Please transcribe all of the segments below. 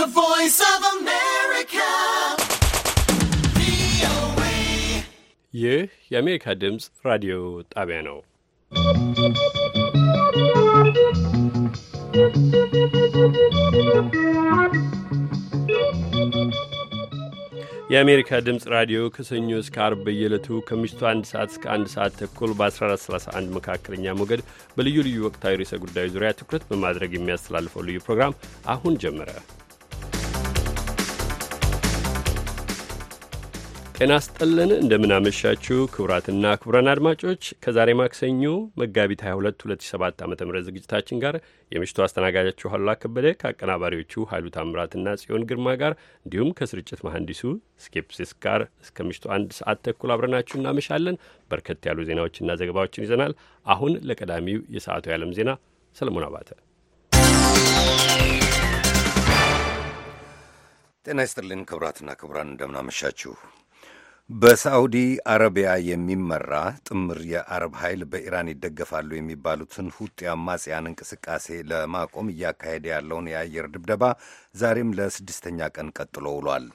The voice of America. ይህ የአሜሪካ ድምፅ ራዲዮ ጣቢያ ነው። የአሜሪካ ድምፅ ራዲዮ ከሰኞ እስከ አርብ በየዕለቱ ከምሽቱ አንድ ሰዓት እስከ አንድ ሰዓት ተኩል በ1431 መካከለኛ ሞገድ በልዩ ልዩ ወቅታዊ ርዕሰ ጉዳዮች ዙሪያ ትኩረት በማድረግ የሚያስተላልፈው ልዩ ፕሮግራም አሁን ጀመረ። ጤና ስጠልን እንደምናመሻችሁ ክቡራትና ክቡራን አድማጮች ከዛሬ ማክሰኞ መጋቢት 22 2007 ዓ ም ዝግጅታችን ጋር የምሽቱ አስተናጋጃችሁ አሉላ ከበደ ከአቀናባሪዎቹ ኃይሉ ታምራትና ጽዮን ግርማ ጋር እንዲሁም ከስርጭት መሐንዲሱ ስኬፕሲስ ጋር እስከ ምሽቱ አንድ ሰዓት ተኩል አብረናችሁ እናመሻለን። በርከት ያሉ ዜናዎችና ዘገባዎችን ይዘናል። አሁን ለቀዳሚው የሰዓቱ የዓለም ዜና ሰለሞን አባተ ጤና ይስጥልን ክቡራትና ክቡራን እንደምናመሻችሁ በሳዑዲ አረቢያ የሚመራ ጥምር የአረብ ኃይል በኢራን ይደገፋሉ የሚባሉትን ሁጤ አማጽያን እንቅስቃሴ ለማቆም እያካሄደ ያለውን የአየር ድብደባ ዛሬም ለስድስተኛ ቀን ቀጥሎ ውሏል።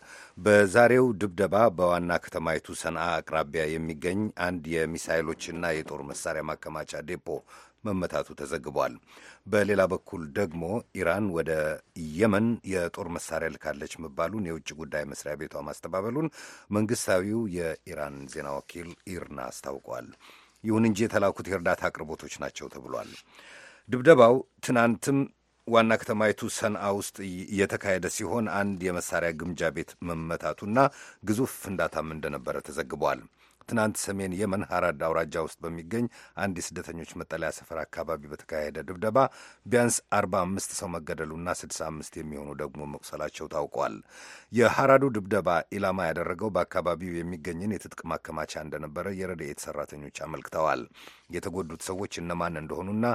በዛሬው ድብደባ በዋና ከተማይቱ ሰንዓ አቅራቢያ የሚገኝ አንድ የሚሳይሎችና የጦር መሳሪያ ማከማቻ ዴፖ መመታቱ ተዘግቧል። በሌላ በኩል ደግሞ ኢራን ወደ የመን የጦር መሳሪያ ልካለች መባሉን የውጭ ጉዳይ መስሪያ ቤቷ ማስተባበሉን መንግስታዊው የኢራን ዜና ወኪል ኢርና አስታውቋል። ይሁን እንጂ የተላኩት የእርዳታ አቅርቦቶች ናቸው ተብሏል። ድብደባው ትናንትም ዋና ከተማይቱ ሰንአ ውስጥ እየተካሄደ ሲሆን አንድ የመሳሪያ ግምጃ ቤት መመታቱና ግዙፍ ፍንዳታም እንደነበረ ተዘግቧል። ትናንት ሰሜን የመን ሀራድ አውራጃ ውስጥ በሚገኝ አንድ የስደተኞች መጠለያ ሰፈር አካባቢ በተካሄደ ድብደባ ቢያንስ 45 ሰው መገደሉና 65 የሚሆኑ ደግሞ መቁሰላቸው ታውቋል። የሀራዱ ድብደባ ኢላማ ያደረገው በአካባቢው የሚገኝን የትጥቅ ማከማቻ እንደነበረ የረድኤት ሰራተኞች አመልክተዋል። የተጎዱት ሰዎች እነማን እንደሆኑና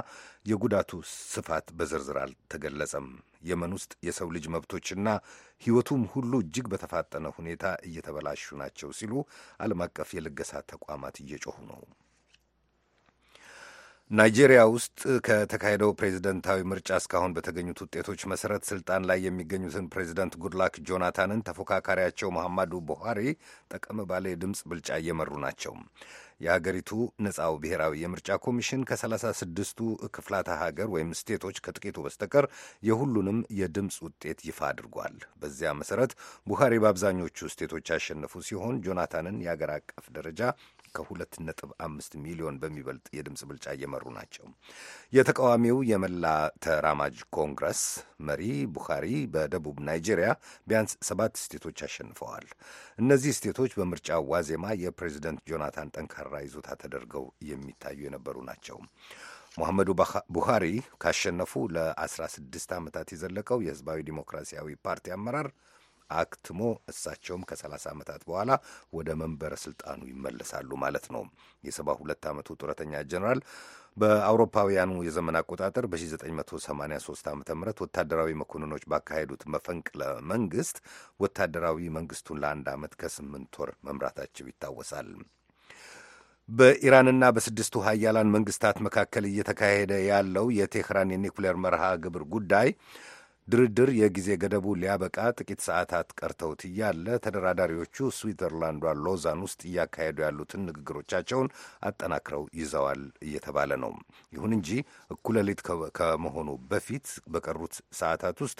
የጉዳቱ ስፋት በዝርዝር አልተገለጸም። የመን ውስጥ የሰው ልጅ መብቶችና ሕይወቱም ሁሉ እጅግ በተፋጠነ ሁኔታ እየተበላሹ ናቸው ሲሉ ዓለም አቀፍ የልገሳ ተቋማት እየጮሁ ነው። ናይጄሪያ ውስጥ ከተካሄደው ፕሬዝደንታዊ ምርጫ እስካሁን በተገኙት ውጤቶች መሰረት ስልጣን ላይ የሚገኙትን ፕሬዝደንት ጉድላክ ጆናታንን ተፎካካሪያቸው መሐማዱ ቡሃሪ ጠቀም ባለ የድምፅ ብልጫ እየመሩ ናቸው። የሀገሪቱ ነፃው ብሔራዊ የምርጫ ኮሚሽን ከ 3 ቱ ክፍላተ ሀገር ወይም ስቴቶች ከጥቂቱ በስተቀር የሁሉንም የድምፅ ውጤት ይፋ አድርጓል። በዚያ መሰረት ቡሃሪ በአብዛኞቹ ስቴቶች ያሸነፉ ሲሆን ጆናታንን የአገር አቀፍ ደረጃ ከሁለት ነጥብ ሚሊዮን በሚበልጥ የድምፅ ብልጫ እየመሩ ናቸው። የተቃዋሚው የመላ ተራማጅ ኮንግረስ መሪ ቡኻሪ በደቡብ ናይጄሪያ ቢያንስ ሰባት ስቴቶች አሸንፈዋል። እነዚህ ስቴቶች በምርጫው ዋዜማ የፕሬዚደንት ጆናታን ጠንካራ ይዞታ ተደርገው የሚታዩ የነበሩ ናቸው። ሙሐመዱ ቡኻሪ ካሸነፉ ለ16 ዓመታት የዘለቀው የህዝባዊ ዲሞክራሲያዊ ፓርቲ አመራር አክትሞ እሳቸውም ከ30 ዓመታት በኋላ ወደ መንበረ ስልጣኑ ይመለሳሉ ማለት ነው። የ የ72 ዓመቱ ጡረተኛ ጀኔራል በአውሮፓውያኑ የዘመን አቆጣጠር በ1983 ዓ ም ወታደራዊ መኮንኖች ባካሄዱት መፈንቅለ መንግስት ወታደራዊ መንግስቱን ለአንድ ዓመት ከስምንት ወር መምራታቸው ይታወሳል። በኢራንና በስድስቱ ሀያላን መንግስታት መካከል እየተካሄደ ያለው የቴህራን የኒኩሌር መርሃ ግብር ጉዳይ ድርድር የጊዜ ገደቡ ሊያበቃ ጥቂት ሰዓታት ቀርተውት እያለ ተደራዳሪዎቹ ስዊዘርላንዷ ሎዛን ውስጥ እያካሄዱ ያሉትን ንግግሮቻቸውን አጠናክረው ይዘዋል እየተባለ ነው። ይሁን እንጂ እኩለ ሌሊት ከመሆኑ በፊት በቀሩት ሰዓታት ውስጥ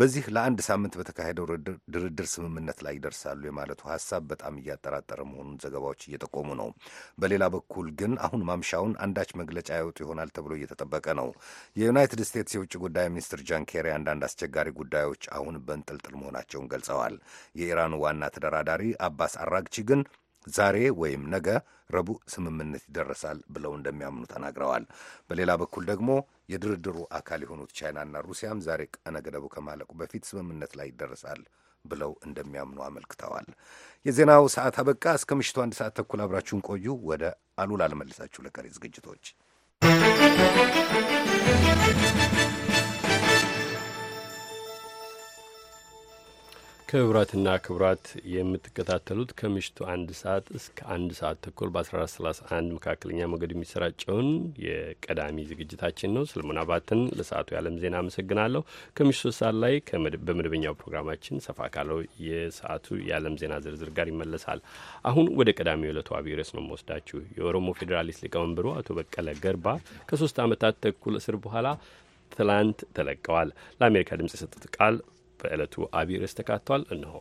በዚህ ለአንድ ሳምንት በተካሄደው ድርድር ስምምነት ላይ ይደርሳሉ የማለቱ ሀሳብ በጣም እያጠራጠረ መሆኑን ዘገባዎች እየጠቆሙ ነው። በሌላ በኩል ግን አሁን ማምሻውን አንዳች መግለጫ ያወጡ ይሆናል ተብሎ እየተጠበቀ ነው። የዩናይትድ ስቴትስ የውጭ ጉዳይ ሚኒስትር ጃን ኬሪ አንዳንድ አስቸጋሪ ጉዳዮች አሁን በንጥልጥል መሆናቸውን ገልጸዋል። የኢራኑ ዋና ተደራዳሪ አባስ አራግቺ ግን ዛሬ ወይም ነገ ረቡዕ ስምምነት ይደረሳል ብለው እንደሚያምኑ ተናግረዋል። በሌላ በኩል ደግሞ የድርድሩ አካል የሆኑት ቻይናና ሩሲያም ዛሬ ቀነ ገደቡ ከማለቁ በፊት ስምምነት ላይ ይደረሳል ብለው እንደሚያምኑ አመልክተዋል። የዜናው ሰዓት አበቃ። እስከ ምሽቱ አንድ ሰዓት ተኩል አብራችሁን ቆዩ። ወደ አሉላ ልመልሳችሁ ለቀሪ ዝግጅቶች ክቡራትና ክቡራት የምትከታተሉት ከምሽቱ አንድ ሰዓት እስከ አንድ ሰዓት ተኩል በ1431 መካከለኛ ሞገድ የሚሰራጨውን የቀዳሚ ዝግጅታችን ነው። ሰለሞን አባትን ለሰዓቱ የዓለም ዜና አመሰግናለሁ። ከምሽቱ ሶስት ሰዓት ላይ በመደበኛው ፕሮግራማችን ሰፋ ካለው የሰዓቱ የዓለም ዜና ዝርዝር ጋር ይመለሳል። አሁን ወደ ቀዳሚ ዕለቱ አብይ ርዕስ ነው መወስዳችሁ። የኦሮሞ ፌዴራሊስት ሊቀመንበሩ አቶ በቀለ ገርባ ከሶስት ዓመታት ተኩል እስር በኋላ ትላንት ተለቀዋል። ለአሜሪካ ድምጽ የሰጡት ቃል በዕለቱ አቢይ ርዕስ ተካቷል። እንሆ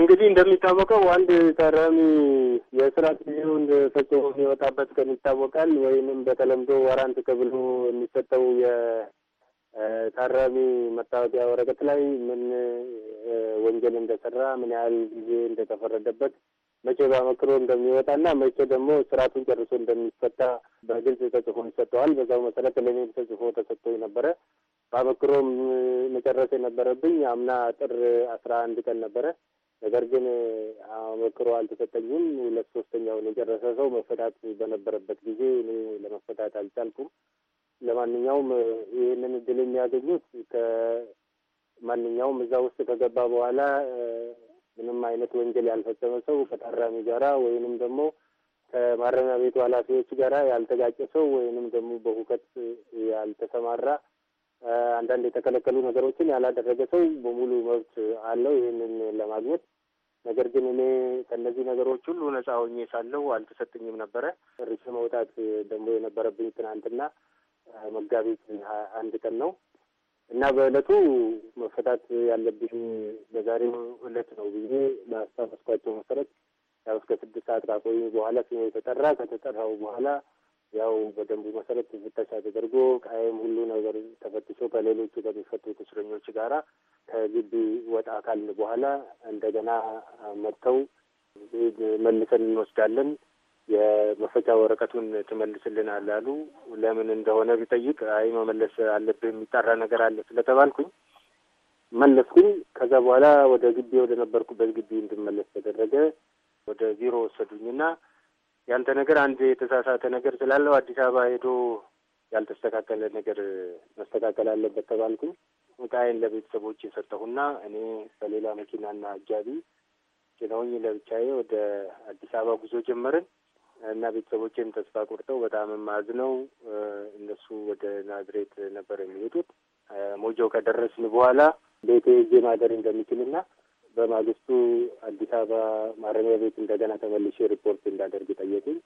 እንግዲህ እንደሚታወቀው አንድ ታራሚ የስራ ጊዜውን ፈጽሞ የሚወጣበት ቀን ይታወቃል። ወይንም በተለምዶ ወራንት ተብሎ የሚሰጠው የታራሚ መታወቂያ ወረቀት ላይ ምን ወንጀል እንደሰራ፣ ምን ያህል ጊዜ እንደተፈረደበት፣ መቼ በአመክሮ እንደሚወጣና መቼ ደግሞ እስራቱን ጨርሶ እንደሚፈታ በግልጽ ተጽፎ ይሰጠዋል። በዛው መሰረት ለእኔም ተጽፎ ተሰጥቶ ነበረ። በአበክሮም መጨረስ የነበረብኝ አምና ጥር አስራ አንድ ቀን ነበረ። ነገር ግን አበክሮ አልተሰጠኝም። ሁለት ሶስተኛውን የጨረሰ ሰው መፈታት በነበረበት ጊዜ እኔ ለመፈታት አልቻልኩም። ለማንኛውም ይህንን እድል የሚያገኙት ከማንኛውም እዛ ውስጥ ከገባ በኋላ ምንም አይነት ወንጀል ያልፈጸመ ሰው ከታራሚ ጋራ ወይንም ደግሞ ከማረሚያ ቤቱ ኃላፊዎች ጋራ ያልተጋጨ ሰው ወይንም ደግሞ በሁከት ያልተሰማራ አንዳንድ የተከለከሉ ነገሮችን ያላደረገ ሰው በሙሉ መብት አለው ይህንን ለማግኘት። ነገር ግን እኔ ከእነዚህ ነገሮች ሁሉ ነጻ ሆኜ ሳለው አልተሰጠኝም ነበረ። ርቼ መውጣት ደግሞ የነበረብኝ ትናንትና መጋቢት አንድ ቀን ነው እና በእለቱ መፈታት ያለብኝ በዛሬው እለት ነው ብዬ በሀሳብ መስኳቸው መሰረት ያው እስከ ስድስት ሰዓት ካቆዩ በኋላ ስሜ የተጠራ ከተጠራው በኋላ ያው በደንቡ መሰረት ፍተሻ ተደርጎ ቃይም ሁሉ ነገር ተፈትሾ ከሌሎቹ ከሚፈቱት እስረኞች ጋራ ከግቢ ወጣ ካልን በኋላ እንደገና መጥተው መልሰን እንወስዳለን የመፈቻ ወረቀቱን ትመልስልን አላሉ። ለምን እንደሆነ ቢጠይቅ አይ መመለስ አለብህ የሚጣራ ነገር አለ ስለተባልኩኝ መለስኩኝ። ከዛ በኋላ ወደ ግቢ ወደ ነበርኩበት ግቢ እንድመለስ ተደረገ። ወደ ቢሮ ወሰዱኝና ያንተ ነገር አንድ የተሳሳተ ነገር ስላለው አዲስ አበባ ሄዶ ያልተስተካከለ ነገር መስተካከል አለበት ተባልኩኝ። እቃዬን ለቤተሰቦች የሰጠሁና እኔ በሌላ መኪናና አጃቢ ጭነውኝ ለብቻዬ ወደ አዲስ አበባ ጉዞ ጀመርን እና ቤተሰቦቼም ተስፋ ቆርጠው በጣም ማዝ ነው። እነሱ ወደ ናዝሬት ነበር የሚሄዱት። ሞጆ ከደረስን በኋላ ቤቴ ዜ ማደር እንደሚችልና በማግስቱ አዲስ አበባ ማረሚያ ቤት እንደገና ተመልሼ ሪፖርት እንዳደርግ ጠየቁኝ።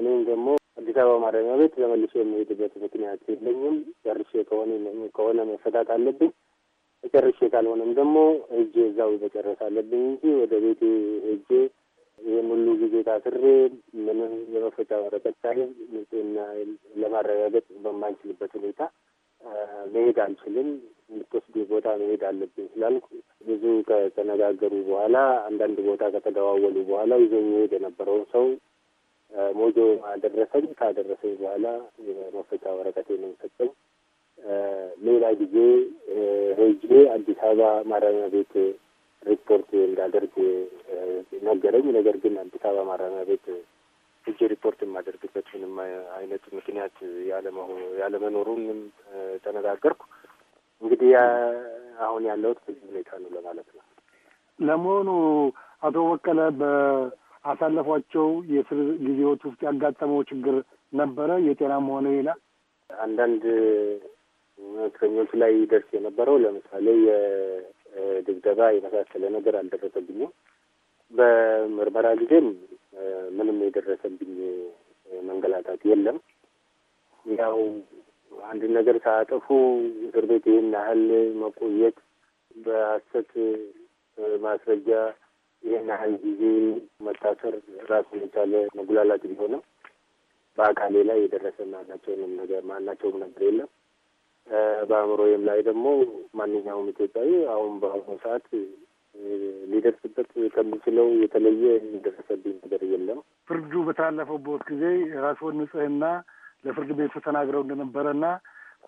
እኔም ደግሞ አዲስ አበባ ማረሚያ ቤት ተመልሶ የምሄድበት ምክንያት የለኝም። ጨርሼ ከሆነ ከሆነ መፈታት አለብኝ ተጨርሼ ካልሆነም ደግሞ ሄጄ እዛው መጨረስ አለብኝ እንጂ ወደ ቤቴ ሄጄ ይህን ሁሉ ጊዜ ታስሬ ምንም የመፈጫ ወረቀት ሳይዝ ንጽህና ለማረጋገጥ በማንችልበት ሁኔታ መሄድ አልችልም። የምትወስዱ ቦታ መሄድ አለብኝ ስላልኩ ብዙ ከተነጋገሩ በኋላ አንዳንድ ቦታ ከተደዋወሉ በኋላ ይዞ መሄድ የነበረውን ሰው ሞጆ አደረሰኝ። ካደረሰኝ በኋላ የመፈቻ ነው ሰጠኝ። ሌላ ጊዜ ሄጄ አዲስ አበባ ማረሚያ ቤት ሪፖርት እንዳደርግ ነገረኝ። ነገር ግን አዲስ አበባ ማረሚያ ቤት ሄጄ ሪፖርት የማደርግበት ምንም አይነት ምክንያት ያለመኖሩንም ተነጋገርኩ። እንግዲህ አሁን ያለሁት በዚህ ሁኔታ ነው ለማለት ነው። ለመሆኑ አቶ በቀለ በአሳለፏቸው የእስር ጊዜዎች ውስጥ ያጋጠመው ችግር ነበረ? የጤናም ሆነ ሌላ አንዳንድ እስረኞቹ ላይ ደርስ የነበረው ለምሳሌ የድብደባ የመሳሰለ ነገር አልደረሰብኝም። በምርመራ ጊዜም ምንም የደረሰብኝ መንገላታት የለም። ያው አንድ ነገር ሳያጠፉ እስር ቤት ይህን ያህል መቆየት በሀሰት ማስረጃ ይህን ያህል ጊዜ መታሰር ራሱ የቻለ መጉላላት ቢሆንም በአካሌ ላይ የደረሰ ማናቸውንም ነገር ማናቸውም ነገር የለም። በአእምሮዬም ላይ ደግሞ ማንኛውም ኢትዮጵያዊ አሁን በአሁኑ ሰዓት ሊደርስበት ከምችለው የተለየ የሚደረሰብኝ ነገር የለም። ፍርዱ በታለፈበት ጊዜ ራስዎን ንጽህና ለፍርድ ቤቱ ተናግረው እንደነበረና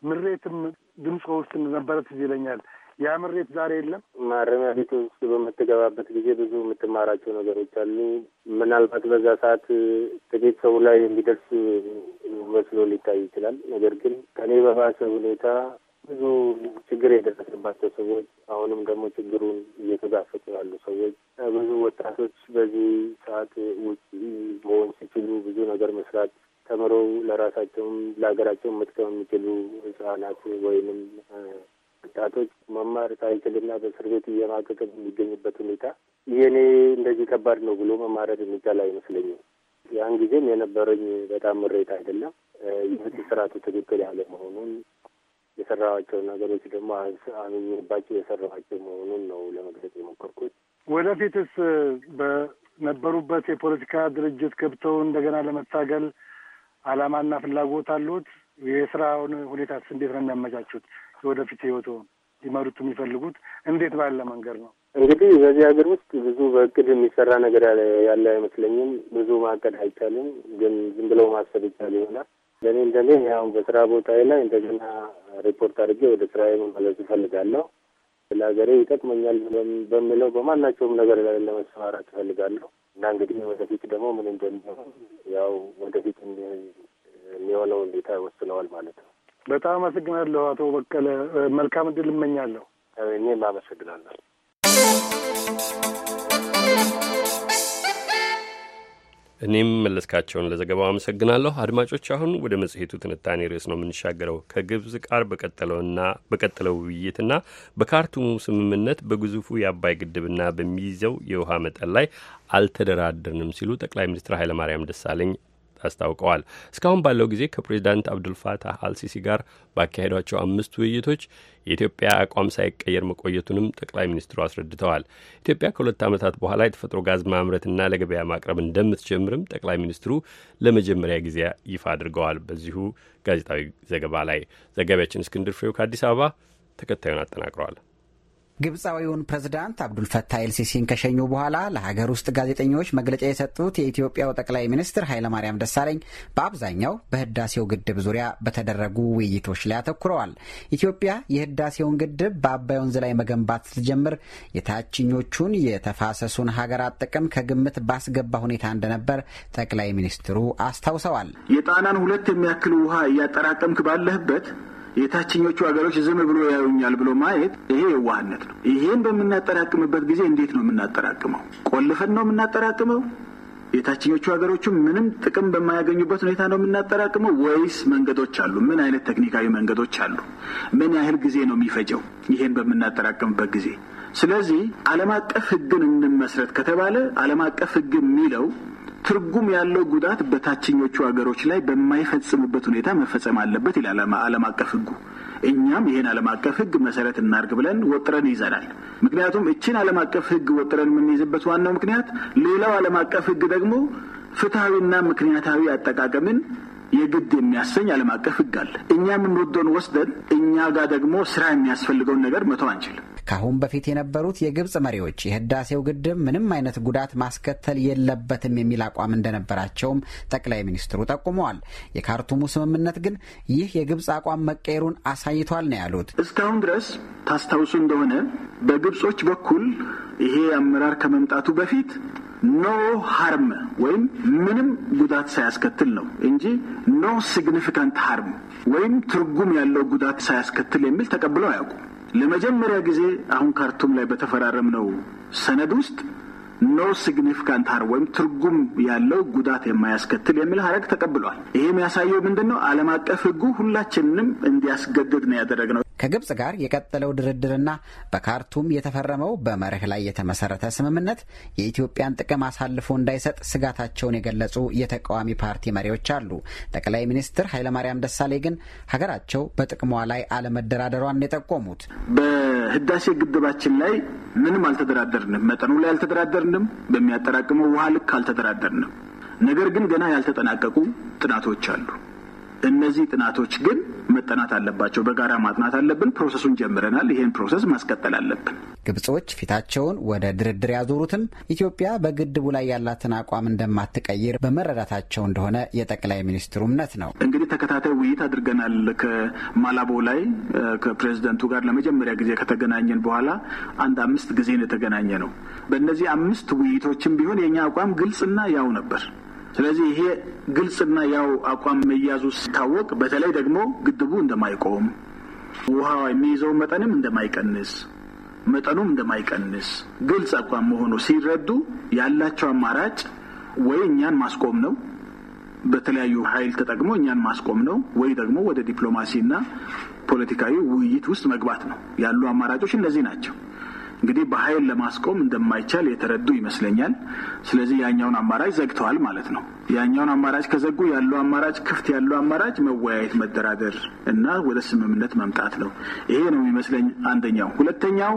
ምሬትም ድምፅ ውስጥ እንደነበረ ትዝ ይለኛል። ያ ምሬት ዛሬ የለም። ማረሚያ ቤት ውስጥ በምትገባበት ጊዜ ብዙ የምትማራቸው ነገሮች አሉ። ምናልባት በዛ ሰዓት ጥቂት ሰው ላይ የሚደርስ መስሎ ሊታይ ይችላል። ነገር ግን ከኔ በባሰ ሁኔታ ብዙ ችግር የደረሰባቸው ሰዎች አሁንም ደግሞ ችግሩን እየተጋፈጡ ያሉ ሰዎች ብዙ ወጣቶች በዚህ ሰዓት ውጭ መሆን ሲችሉ ብዙ ነገር መስራት ተምረው ለራሳቸውም ለሀገራቸውም መጥቀም የሚችሉ ህጻናት ወይንም ወጣቶች መማር ሳይችልና በእስር ቤት እየማቀቅ የሚገኝበት ሁኔታ ይኔ እንደዚህ ከባድ ነው ብሎ መማረድ የሚቻል አይመስለኝም። ያን ጊዜም የነበረኝ በጣም ምሬት አይደለም የፍትህ ስርዓቱ ትክክል ያለ መሆኑን የሰራኋቸው ነገሮች ደግሞ አምኜባቸው የሰራኋቸው መሆኑን ነው ለመግለጽ የሞከርኩት። ወደፊትስ በነበሩበት የፖለቲካ ድርጅት ገብተው እንደገና ለመታገል አላማና ፍላጎት አሉት? የስራውን ሁኔታ እንዴት ነው የሚያመቻቹት? የወደፊት ህይወቱ ሊመሩት የሚፈልጉት እንዴት ባለ መንገድ ነው? እንግዲህ በዚህ ሀገር ውስጥ ብዙ በእቅድ የሚሰራ ነገር ያለ አይመስለኝም። ብዙ ማቀድ አይቻልም፣ ግን ዝም ብለው ማሰብ ይቻል ይሆናል። ለእኔ እንደኔ ያው በስራ ቦታዬ ላይ እንደገና ሪፖርት አድርጌ ወደ ስራ መመለስ እፈልጋለሁ። ለሀገሬ ይጠቅመኛል በምለው በማናቸውም ነገር ላይ ለመሰማራት እፈልጋለሁ። እና እንግዲህ ወደፊት ደግሞ ምን እንደሚሆን ያው ወደፊት የሚሆነው ሁኔታ ይወስነዋል ማለት ነው። በጣም አመሰግናለሁ አቶ በቀለ። መልካም እድል እመኛለሁ። እኔም አመሰግናለሁ። እኔም መለስካቸውን ለዘገባው አመሰግናለሁ። አድማጮች፣ አሁን ወደ መጽሔቱ ትንታኔ ርዕስ ነው የምንሻገረው። ከግብጽ ጋር በቀጠለውና በቀጠለው ውይይትና በካርቱሙ ስምምነት በግዙፉ የአባይ ግድብና በሚይዘው የውሃ መጠን ላይ አልተደራደርንም ሲሉ ጠቅላይ ሚኒስትር ኃይለማርያም ደሳለኝ አስታውቀዋል። እስካሁን ባለው ጊዜ ከፕሬዚዳንት አብዱልፋታህ አልሲሲ ጋር ባካሄዷቸው አምስት ውይይቶች የኢትዮጵያ አቋም ሳይቀየር መቆየቱንም ጠቅላይ ሚኒስትሩ አስረድተዋል። ኢትዮጵያ ከሁለት ዓመታት በኋላ የተፈጥሮ ጋዝ ማምረትና ለገበያ ማቅረብ እንደምትጀምርም ጠቅላይ ሚኒስትሩ ለመጀመሪያ ጊዜ ይፋ አድርገዋል። በዚሁ ጋዜጣዊ ዘገባ ላይ ዘጋቢያችን እስክንድር ፍሬው ከአዲስ አበባ ተከታዩን አጠናቅረዋል። ግብፃዊውን ፕሬዝዳንት አብዱልፈታ ኤልሲሲን ከሸኙ በኋላ ለሀገር ውስጥ ጋዜጠኞች መግለጫ የሰጡት የኢትዮጵያው ጠቅላይ ሚኒስትር ኃይለማርያም ደሳለኝ በአብዛኛው በህዳሴው ግድብ ዙሪያ በተደረጉ ውይይቶች ላይ አተኩረዋል። ኢትዮጵያ የህዳሴውን ግድብ በአባይ ወንዝ ላይ መገንባት ስትጀምር የታችኞቹን የተፋሰሱን ሀገራት ጥቅም ከግምት ባስገባ ሁኔታ እንደነበር ጠቅላይ ሚኒስትሩ አስታውሰዋል። የጣናን ሁለት የሚያክል ውሃ እያጠራቀምክ ባለህበት የታችኞቹ ሀገሮች ዝም ብሎ ያዩኛል ብሎ ማየት ይሄ የዋህነት ነው። ይሄን በምናጠራቅምበት ጊዜ እንዴት ነው የምናጠራቅመው? ቆልፈን ነው የምናጠራቅመው? የታችኞቹ ሀገሮችም ምንም ጥቅም በማያገኙበት ሁኔታ ነው የምናጠራቅመው ወይስ መንገዶች አሉ? ምን አይነት ቴክኒካዊ መንገዶች አሉ? ምን ያህል ጊዜ ነው የሚፈጀው? ይሄን በምናጠራቅምበት ጊዜ ስለዚህ ዓለም አቀፍ ሕግን እንመስረት ከተባለ ዓለም አቀፍ ሕግ የሚለው ትርጉም ያለው ጉዳት በታችኞቹ ሀገሮች ላይ በማይፈጽሙበት ሁኔታ መፈጸም አለበት ይላል ዓለም አቀፍ ሕጉ። እኛም ይህን ዓለም አቀፍ ሕግ መሰረት እናርግ ብለን ወጥረን ይዘናል። ምክንያቱም እችን ዓለም አቀፍ ሕግ ወጥረን የምንይዝበት ዋናው ምክንያት ሌላው ዓለም አቀፍ ሕግ ደግሞ ፍትሐዊና ምክንያታዊ አጠቃቀምን የግድ የሚያሰኝ ዓለም አቀፍ ሕግ አለ። እኛ የምንወደውን ወስደን እኛ ጋር ደግሞ ስራ የሚያስፈልገውን ነገር መተው አንችልም። ከአሁን በፊት የነበሩት የግብፅ መሪዎች የህዳሴው ግድብ ምንም አይነት ጉዳት ማስከተል የለበትም የሚል አቋም እንደነበራቸውም ጠቅላይ ሚኒስትሩ ጠቁመዋል። የካርቱሙ ስምምነት ግን ይህ የግብፅ አቋም መቀየሩን አሳይቷል ነው ያሉት። እስካሁን ድረስ ታስታውሱ እንደሆነ በግብጾች በኩል ይሄ አመራር ከመምጣቱ በፊት ኖ ሀርም ወይም ምንም ጉዳት ሳያስከትል ነው እንጂ ኖ ሲግኒፊካንት ሀርም ወይም ትርጉም ያለው ጉዳት ሳያስከትል የሚል ተቀብለው አያውቁም። ለመጀመሪያ ጊዜ አሁን ካርቱም ላይ በተፈራረምነው ሰነድ ውስጥ ኖ ሲግኒፊካንት ሀር ወይም ትርጉም ያለው ጉዳት የማያስከትል የሚል ሀረግ ተቀብሏል። ይህም የሚያሳየው ምንድን ነው? ዓለም አቀፍ ሕጉ ሁላችንንም እንዲያስገድድ ነው ያደረግነው። ከግብፅ ጋር የቀጠለው ድርድርና በካርቱም የተፈረመው በመርህ ላይ የተመሰረተ ስምምነት የኢትዮጵያን ጥቅም አሳልፎ እንዳይሰጥ ስጋታቸውን የገለጹ የተቃዋሚ ፓርቲ መሪዎች አሉ። ጠቅላይ ሚኒስትር ኃይለማርያም ደሳሌ ግን ሀገራቸው በጥቅሟ ላይ አለመደራደሯን የጠቆሙት በህዳሴ ግድባችን ላይ ምንም አልተደራደርንም፣ መጠኑ ላይ አልተደራደርንም፣ በሚያጠራቅመው ውሃ ልክ አልተደራደርንም። ነገር ግን ገና ያልተጠናቀቁ ጥናቶች አሉ። እነዚህ ጥናቶች ግን መጠናት አለባቸው። በጋራ ማጥናት አለብን። ፕሮሰሱን ጀምረናል። ይህን ፕሮሰስ ማስቀጠል አለብን። ግብጾች ፊታቸውን ወደ ድርድር ያዞሩትም ኢትዮጵያ በግድቡ ላይ ያላትን አቋም እንደማትቀይር በመረዳታቸው እንደሆነ የጠቅላይ ሚኒስትሩ እምነት ነው። እንግዲህ ተከታታይ ውይይት አድርገናል። ከማላቦ ላይ ከፕሬዚደንቱ ጋር ለመጀመሪያ ጊዜ ከተገናኘን በኋላ አንድ አምስት ጊዜ የተገናኘ ነው። በእነዚህ አምስት ውይይቶችም ቢሆን የእኛ አቋም ግልጽና ያው ነበር። ስለዚህ ይሄ ግልጽና ያው አቋም መያዙ ሲታወቅ፣ በተለይ ደግሞ ግድቡ እንደማይቆም ውሃ የሚይዘው መጠንም እንደማይቀንስ መጠኑም እንደማይቀንስ ግልጽ አቋም መሆኑ ሲረዱ ያላቸው አማራጭ ወይ እኛን ማስቆም ነው በተለያዩ ኃይል ተጠቅሞ እኛን ማስቆም ነው ወይ ደግሞ ወደ ዲፕሎማሲና ፖለቲካዊ ውይይት ውስጥ መግባት ነው። ያሉ አማራጮች እነዚህ ናቸው። እንግዲህ በኃይል ለማስቆም እንደማይቻል የተረዱ ይመስለኛል። ስለዚህ ያኛውን አማራጭ ዘግተዋል ማለት ነው። ያኛውን አማራጭ ከዘጉ ያለው አማራጭ ክፍት ያለው አማራጭ መወያየት፣ መደራደር እና ወደ ስምምነት መምጣት ነው። ይሄ ነው የሚመስለኝ አንደኛው። ሁለተኛው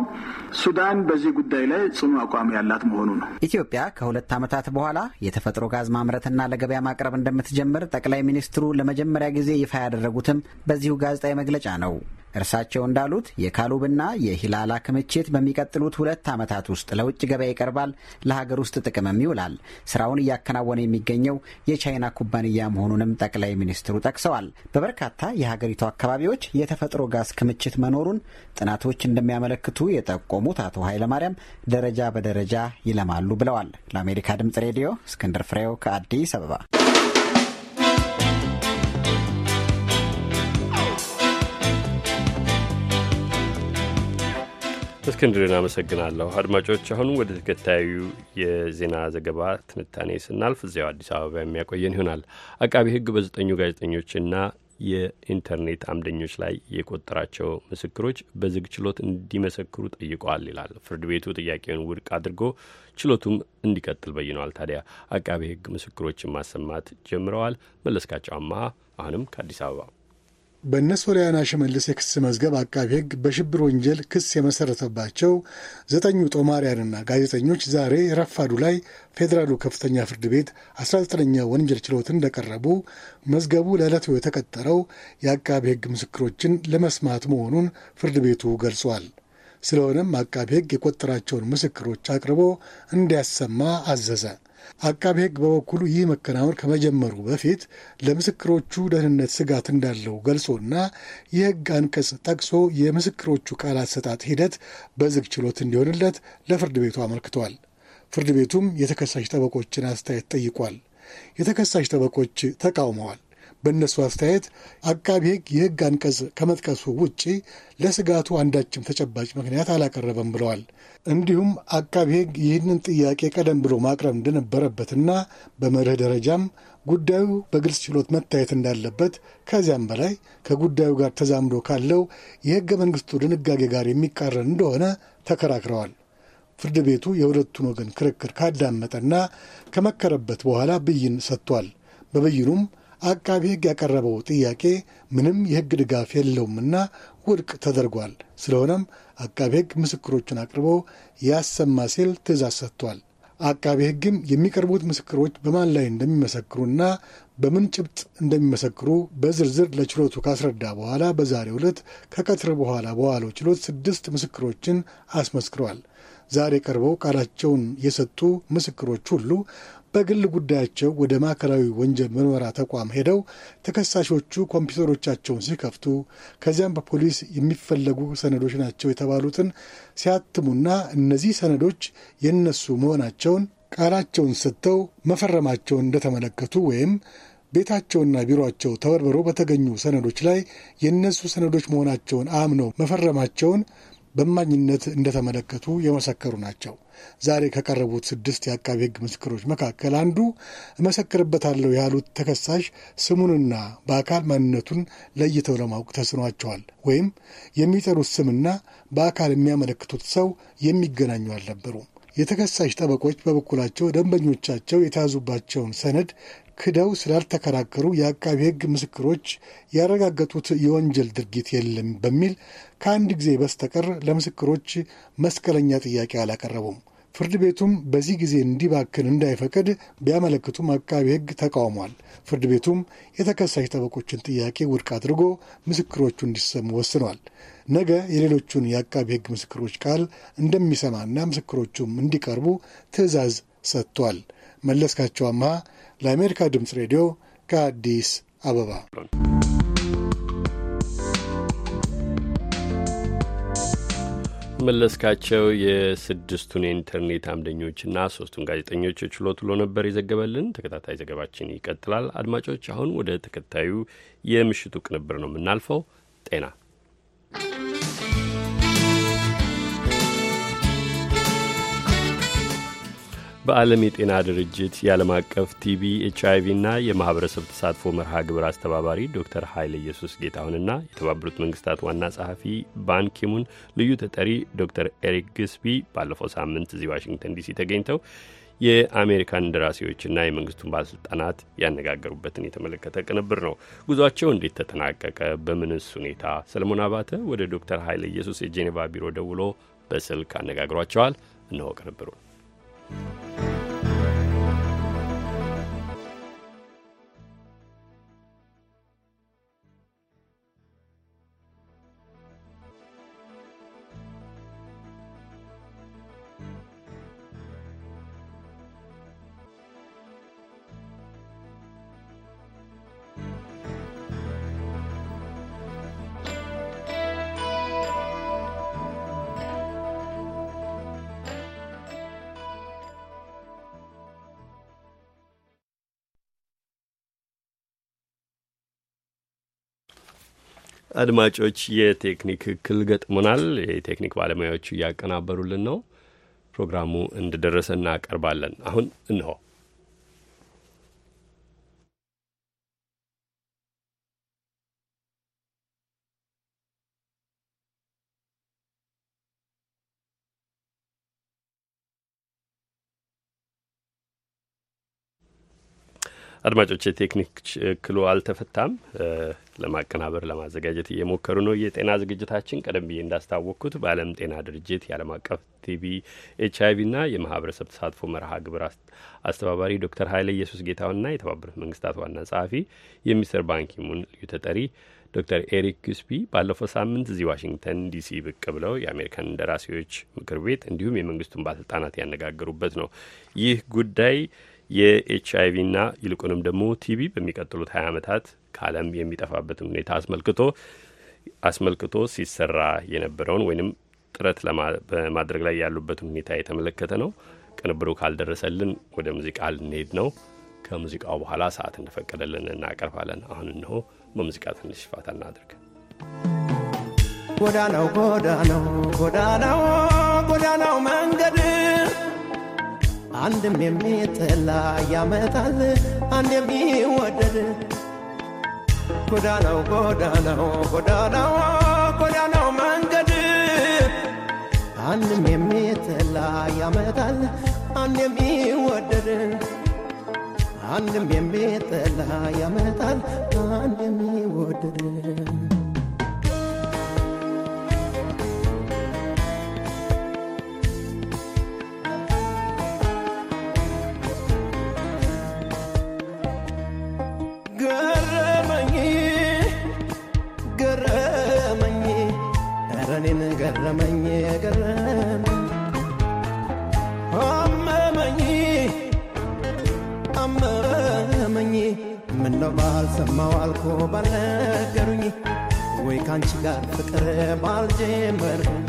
ሱዳን በዚህ ጉዳይ ላይ ጽኑ አቋም ያላት መሆኑ ነው። ኢትዮጵያ ከሁለት ዓመታት በኋላ የተፈጥሮ ጋዝ ማምረትና ለገበያ ማቅረብ እንደምትጀምር ጠቅላይ ሚኒስትሩ ለመጀመሪያ ጊዜ ይፋ ያደረጉትም በዚሁ ጋዜጣዊ መግለጫ ነው። እርሳቸው እንዳሉት የካሉብና የሂላላ ክምችት በሚቀጥሉት ሁለት ዓመታት ውስጥ ለውጭ ገበያ ይቀርባል፣ ለሀገር ውስጥ ጥቅምም ይውላል። ስራውን እያከናወነ የሚገኘው የቻይና ኩባንያ መሆኑንም ጠቅላይ ሚኒስትሩ ጠቅሰዋል። በበርካታ የሀገሪቱ አካባቢዎች የተፈጥሮ ጋዝ ክምችት መኖሩን ጥናቶች እንደሚያመለክቱ የጠቆሙት አቶ ኃይለማርያም ደረጃ በደረጃ ይለማሉ ብለዋል። ለአሜሪካ ድምጽ ሬዲዮ እስክንድር ፍሬው ከአዲስ አበባ እስክንድር አመሰግናለሁ። አድማጮች አሁን ወደ ተከታዩ የዜና ዘገባ ትንታኔ ስናልፍ እዚያው አዲስ አበባ የሚያቆየን ይሆናል። አቃቢ ሕግ በዘጠኙ ጋዜጠኞችና የኢንተርኔት አምደኞች ላይ የቆጠራቸው ምስክሮች በዝግ ችሎት እንዲመሰክሩ ጠይቀዋል ይላል። ፍርድ ቤቱ ጥያቄውን ውድቅ አድርጎ ችሎቱም እንዲቀጥል በይነዋል። ታዲያ አቃቢ ሕግ ምስክሮችን ማሰማት ጀምረዋል። መለስካቸው አማሃ አሁንም ከአዲስ አበባ በእነ ሶሊያና ሽመልስ የክስ መዝገብ አቃቢ ሕግ በሽብር ወንጀል ክስ የመሰረተባቸው ዘጠኙ ጦማሪያንና ጋዜጠኞች ዛሬ ረፋዱ ላይ ፌዴራሉ ከፍተኛ ፍርድ ቤት 19ኛ ወንጀል ችሎት እንደቀረቡ መዝገቡ ለዕለቱ የተቀጠረው የአቃቢ ሕግ ምስክሮችን ለመስማት መሆኑን ፍርድ ቤቱ ገልጿል። ስለሆነም አቃቢ ሕግ የቆጠራቸውን ምስክሮች አቅርቦ እንዲያሰማ አዘዘ። አቃቤ ሕግ በበኩሉ ይህ መከናወን ከመጀመሩ በፊት ለምስክሮቹ ደህንነት ስጋት እንዳለው ገልጾና የሕግ አንቀጽ ጠቅሶ የምስክሮቹ ቃል አሰጣጥ ሂደት በዝግ ችሎት እንዲሆንለት ለፍርድ ቤቱ አመልክቷል። ፍርድ ቤቱም የተከሳሽ ጠበቆችን አስተያየት ጠይቋል። የተከሳሽ ጠበቆች ተቃውመዋል። በእነሱ አስተያየት አቃቢ ሕግ የሕግ አንቀጽ ከመጥቀሱ ውጪ ለስጋቱ አንዳችም ተጨባጭ ምክንያት አላቀረበም ብለዋል። እንዲሁም አቃቢ ሕግ ይህንን ጥያቄ ቀደም ብሎ ማቅረብ እንደነበረበትና በመርህ ደረጃም ጉዳዩ በግልጽ ችሎት መታየት እንዳለበት ከዚያም በላይ ከጉዳዩ ጋር ተዛምዶ ካለው የሕገ መንግስቱ ድንጋጌ ጋር የሚቃረን እንደሆነ ተከራክረዋል። ፍርድ ቤቱ የሁለቱን ወገን ክርክር ካዳመጠና ከመከረበት በኋላ ብይን ሰጥቷል። በብይኑም አቃቢ ሕግ ያቀረበው ጥያቄ ምንም የሕግ ድጋፍ የለውምና ውድቅ ተደርጓል። ስለሆነም አቃቢ ሕግ ምስክሮቹን አቅርቦ ያሰማ ሲል ትእዛዝ ሰጥቷል። አቃቢ ሕግም የሚቀርቡት ምስክሮች በማን ላይ እንደሚመሰክሩና በምን ጭብጥ እንደሚመሰክሩ በዝርዝር ለችሎቱ ካስረዳ በኋላ በዛሬ ዕለት ከቀትር በኋላ በዋለው ችሎት ስድስት ምስክሮችን አስመስክሯል። ዛሬ ቀርበው ቃላቸውን የሰጡ ምስክሮች ሁሉ በግል ጉዳያቸው ወደ ማዕከላዊ ወንጀል ምርመራ ተቋም ሄደው ተከሳሾቹ ኮምፒውተሮቻቸውን ሲከፍቱ ከዚያም በፖሊስ የሚፈለጉ ሰነዶች ናቸው የተባሉትን ሲያትሙና እነዚህ ሰነዶች የነሱ መሆናቸውን ቃላቸውን ሰጥተው መፈረማቸውን እንደተመለከቱ ወይም ቤታቸውና ቢሮቸው ተበርብረው በተገኙ ሰነዶች ላይ የእነሱ ሰነዶች መሆናቸውን አምነው መፈረማቸውን በማኝነት እንደተመለከቱ የመሰከሩ ናቸው። ዛሬ ከቀረቡት ስድስት የአቃቢ ሕግ ምስክሮች መካከል አንዱ እመሰክርበታለሁ ያሉት ተከሳሽ ስሙንና በአካል ማንነቱን ለይተው ለማወቅ ተስኗቸዋል ወይም የሚጠሩት ስምና በአካል የሚያመለክቱት ሰው የሚገናኙ አልነበሩም። የተከሳሽ ጠበቆች በበኩላቸው ደንበኞቻቸው የተያዙባቸውን ሰነድ ክደው ስላልተከራከሩ የአቃቢ ሕግ ምስክሮች ያረጋገጡት የወንጀል ድርጊት የለም በሚል ከአንድ ጊዜ በስተቀር ለምስክሮች መስቀለኛ ጥያቄ አላቀረቡም። ፍርድ ቤቱም በዚህ ጊዜ እንዲባክን እንዳይፈቅድ ቢያመለክቱም አቃቢ ሕግ ተቃውሟል። ፍርድ ቤቱም የተከሳሽ ጠበቆችን ጥያቄ ውድቅ አድርጎ ምስክሮቹ እንዲሰሙ ወስኗል። ነገ የሌሎቹን የአቃቢ ሕግ ምስክሮች ቃል እንደሚሰማና ምስክሮቹም እንዲቀርቡ ትዕዛዝ ሰጥቷል። መለስካቸው አምሃ ለአሜሪካ ድምፅ ሬዲዮ ከአዲስ አበባ መለስካቸው የስድስቱን የኢንተርኔት አምደኞችና ሶስቱን ጋዜጠኞች ችሎት ውሎ ነበር የዘገበልን። ተከታታይ ዘገባችን ይቀጥላል። አድማጮች፣ አሁን ወደ ተከታዩ የምሽቱ ቅንብር ነው የምናልፈው። ጤና በዓለም የጤና ድርጅት የዓለም አቀፍ ቲቪ ኤች አይቪ እና የማህበረሰብ ተሳትፎ መርሃ ግብር አስተባባሪ ዶክተር ኃይለ ኢየሱስ ጌታሁንና የተባበሩት መንግስታት ዋና ጸሐፊ ባንኪሙን ልዩ ተጠሪ ዶክተር ኤሪክ ግስቢ ባለፈው ሳምንት እዚህ ዋሽንግተን ዲሲ ተገኝተው የአሜሪካን ደራሲዎችና የመንግስቱን ባለስልጣናት ያነጋገሩበትን የተመለከተ ቅንብር ነው። ጉዟቸው እንዴት ተጠናቀቀ? በምንስ ሁኔታ? ሰለሞን አባተ ወደ ዶክተር ኃይለ ኢየሱስ የጄኔቫ ቢሮ ደውሎ በስልክ አነጋግሯቸዋል። እነሆ ቅንብሩን። አድማጮች የቴክኒክ እክል ገጥሞናል። የቴክኒክ ባለሙያዎቹ እያቀናበሩልን ነው። ፕሮግራሙ እንደደረሰ እናቀርባለን። አሁን እንሆ አድማጮች የቴክኒክ ችክሉ አልተፈታም። ለማቀናበር ለማዘጋጀት እየሞከሩ ነው። የጤና ዝግጅታችን ቀደም ብዬ እንዳስታወቅኩት በዓለም ጤና ድርጅት የዓለም አቀፍ ቲቪ ኤች ና የማህበረሰብ ተሳትፎ መርሃ ግብር አስተባባሪ ዶክተር ኃይለ ኢየሱስ ና የተባበሩት መንግስታት ዋና ጸሐፊ የሚስተር ባንኪሙን ልዩ ተጠሪ ዶክተር ኤሪክ ግስፒ ባለፈው ሳምንት እዚህ ዋሽንግተን ዲሲ ብቅ ብለው የአሜሪካን እንደራሴዎች ምክር ቤት እንዲሁም የመንግስቱን ባለስልጣናት ያነጋገሩበት ነው። ይህ ጉዳይ የኤች አይቪና ይልቁንም ደግሞ ቲቪ በሚቀጥሉት ሀያ ዓመታት ከዓለም የሚጠፋበትን ሁኔታ አስመልክቶ አስመልክቶ ሲሰራ የነበረውን ወይንም ጥረት በማድረግ ላይ ያሉበትን ሁኔታ የተመለከተ ነው። ቅንብሩ ካልደረሰልን ወደ ሙዚቃ ልንሄድ ነው። ከሙዚቃው በኋላ ሰዓት እንደፈቀደልን እናቀርባለን። አሁን እንሆ በሙዚቃ ትንሽ ፋታ እናድርግ። ጎዳናው ጎዳናው ጎዳናው ጎዳናው መንገድ አንድም የሚጠላ ያመጣል አንድ የሚወደድ ጎዳናው ጎዳናው ጎዳናው ጎዳናው መንገድ አንድም የሚጠላ ያመጣል አንድ የሚወደድ አንድም የሚጠላ ያመጣል አንድ የሚወደድ ገረመኝ ገረመኝ አመመኝ አመመኝ ምነው ባልሰማው አልኮ ባልነገሩኝ ወይ ካንቺ ጋር ፍቅር ባልጀመርኩኝ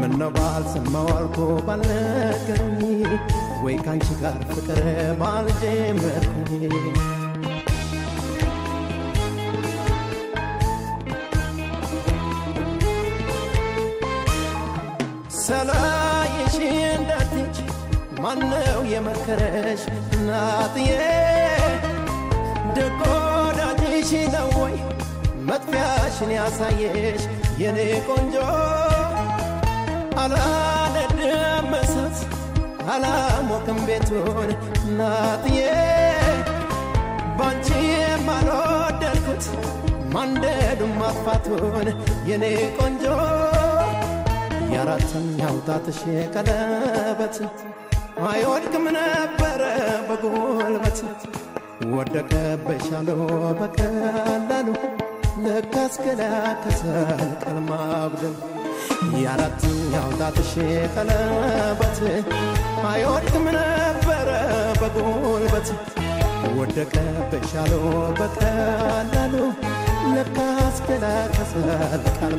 ምነው ባልሰማው አልኮ ባልነገሩኝ ወይ ካንቺ ጋር ፍቅር ባልጀመርኩኝ ሰላይሽ እንዳትች ማነው የመከረሽ እናትዬ? ደግ ወዳጅሽ ነው ወይ መጥፊያሽን ያሳየሽ የኔ ቆንጆ? አላነድም እሳት አላሞቅም ቤቱን እናትዬ ባንቺ የማልወደድኩት ማንደዱም ማጥፋቱን የኔ ቆንጆ ያራትን ጣትሽ ቀለበት አይወድቅም ነበረ በጉልበት በሻሎ በቀላሉ ለካስ ገላከሰል ቀል ማጉደል የአራተኛው ቀለበት አይወድቅም ነበረ በጉልበት በሻሎ በቀላሉ ለካስ ገላከሰል ቀል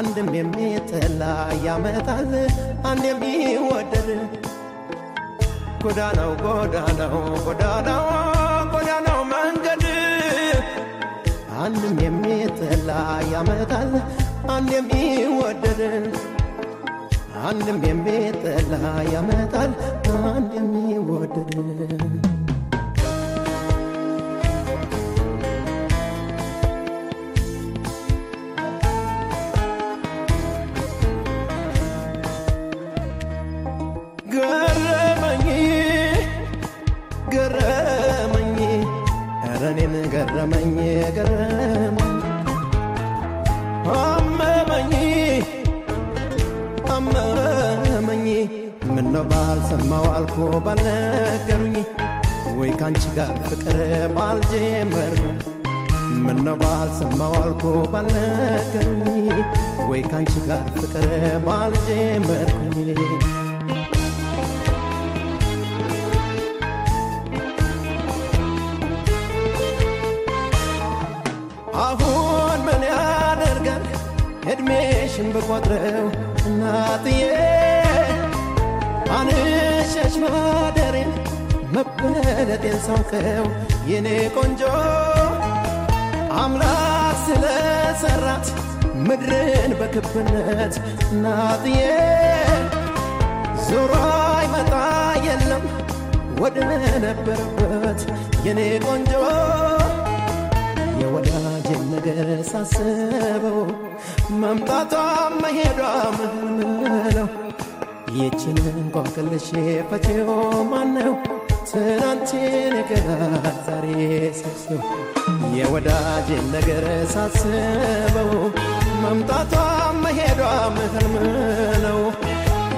አንድም የሚጠላ ያመጣል አንድ የሚወደድ ጎዳናው ጎዳናው ጎዳናው ጎዳናው መንገድ አንድም የሚጠላ ያመጣል አንድ የሚወደድ አንድም የሚጠላ ያመጣል አንድ የሚወደድ መዋልኮ ባልነገሩኝ ወይ ካንቺ ጋር ፍቅር ባልጀመር ምነው ባልሰማዋልኮ ባልነገሩኝ ወይ ካንቺ ጋር ፍቅር ባልጀመርኩኝ አሁን ምን ያደርጋል እድሜሽን ብቆጥረው እናትዬ አንድ መሸሽ ማደሬን መበለጤን ሳውቀው የኔ ቆንጆ አምላክ ስለሰራት ምድርን በክብነት ናጥዬ ዞሮ አይመጣ የለም ወደ ነበረበት የኔ ቆንጆ የወዳጅን ነገር ሳስበው መምጣቷም መሄዷ ምንም ይችን እንቆቅልሽ ፈቺው ማነው? ትናንትን ይገባል ዛሬ ሰብስው የወዳጅን ነገር ሳስበው መምጣቷ መሄዷ ህልም ነው።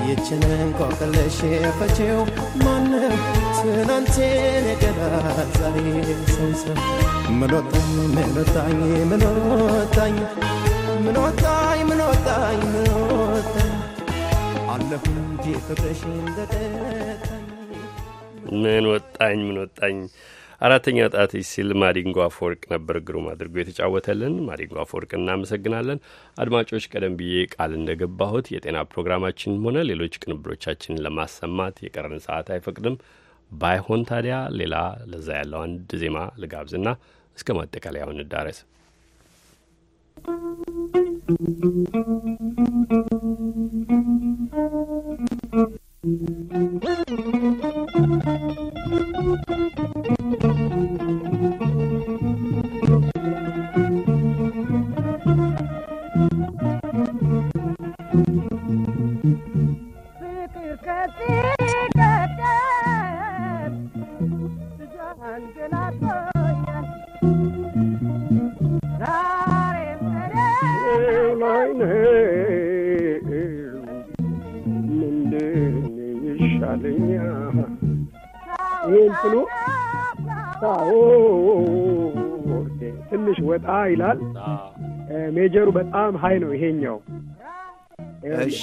ይችን እንቆቅልሽ ፈቺው ማነው? ትናንትን ይገባል ዛሬ ሰብስው ምኖጣኝ ምኖጣኝ ምኖጣኝ ምኖጣኝ ምኖጣኝ ምኖ ምን ወጣኝ ምን ወጣኝ አራተኛ ጣትሽ ሲል ማዲንጎ አፈወርቅ ነበር ግሩም አድርጎ የተጫወተልን። ማዲንጎ አፈወርቅ እናመሰግናለን። አድማጮች፣ ቀደም ብዬ ቃል እንደገባሁት የጤና ፕሮግራማችን ሆነ ሌሎች ቅንብሮቻችንን ለማሰማት የቀረን ሰዓት አይፈቅድም። ባይሆን ታዲያ ሌላ ለዛ ያለው አንድ ዜማ ልጋብዝና እስከ ማጠቃለያው እንዳረስ Thank you. ይሻለኛ ይህን ስሎ ትንሽ ወጣ ይላል። ሜጀሩ በጣም ሀይ ነው ይሄኛው። እሺ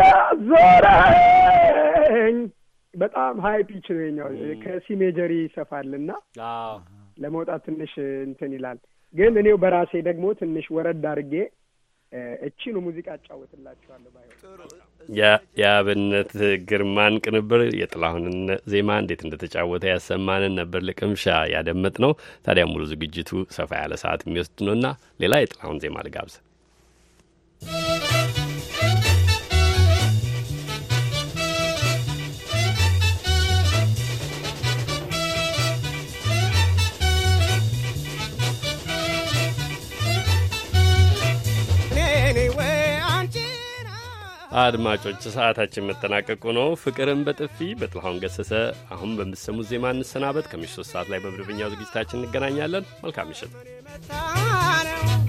ያዞረኝ በጣም ሀይ ፒች ነው ይኛው። ከሲ ሜጀር ይሰፋልና ለመውጣት ትንሽ እንትን ይላል። ግን እኔው በራሴ ደግሞ ትንሽ ወረድ አድርጌ እቺ ነው ሙዚቃ አጫወትላችኋለሁ ባይሆን የአብነት ግርማን ቅንብር የጥላሁንን ዜማ እንዴት እንደተጫወተ ያሰማንን ነበር ለቅምሻ ያደመጥ ነው። ታዲያ ሙሉ ዝግጅቱ ሰፋ ያለ ሰዓት የሚወስድ ነውና ሌላ የጥላሁን ዜማ ልጋብዘ አድማጮች ሰዓታችን መጠናቀቁ ነው። ፍቅርን በጥፊ በጥልሃውን ገሰሰ አሁን በምትሰሙት ዜማ እንሰናበት። ከምሽቱ ሶስት ሰዓት ላይ በመደበኛው ዝግጅታችን እንገናኛለን። መልካም ምሽት።